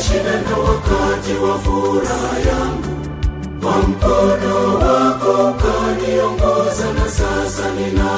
shida na wakati wa furaha yangu, kwa mkono wako kaniongoza na sasa nina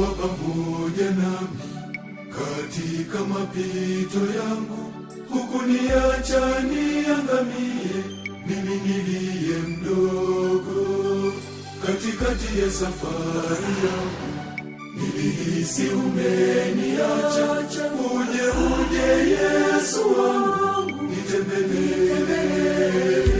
kuwa pamoja nami katika mapito yangu, hukuniacha niangamie, mimi niliye mdogo. Katikati ya safari yangu nilihisi umeniacha. Uje, uje Yesu wangu, nitembelee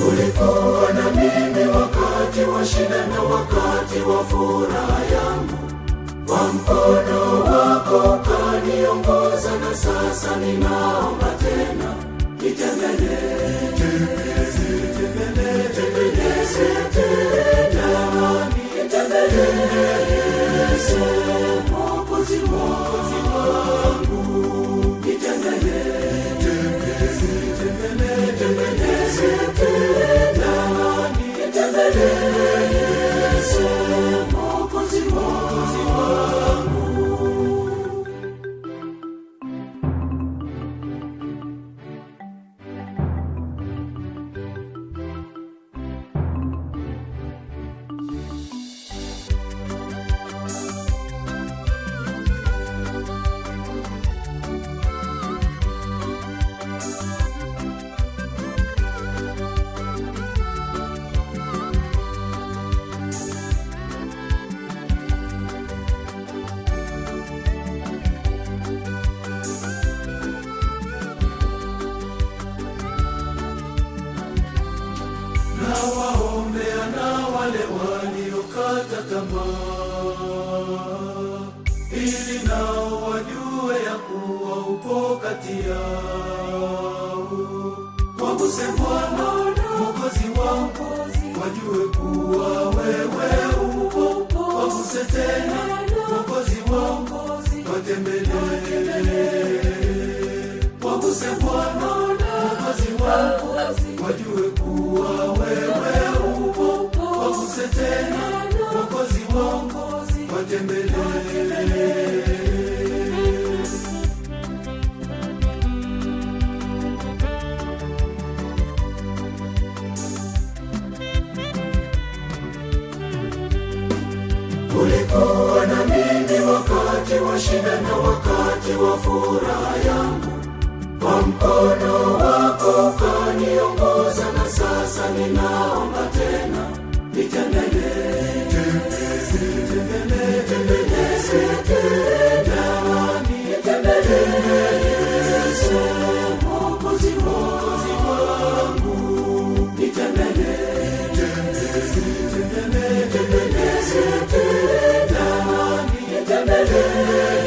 ulikuwa na mimi wakati wa shida na wakati wa furaha yangu, kwa mkono wako kaniongoza, na sasa ninaomba tena nitemelee kukata tamaa, ili nao wajue ya kuwa upo kati yao. Waguse Bwana Mwokozi wao, wajue kuwa wewe upo. Waguse tena Mwokozi wao, watembelee. Waguse Bwana Mwokozi wao, wajue kuwa wewe upo. Waguse tena ulikuwa na mimi wakati wa shida na wakati wa furaha yangu, kwa mkono wako ukaniongoza, na sasa ninaomba tena nitende tena nitembele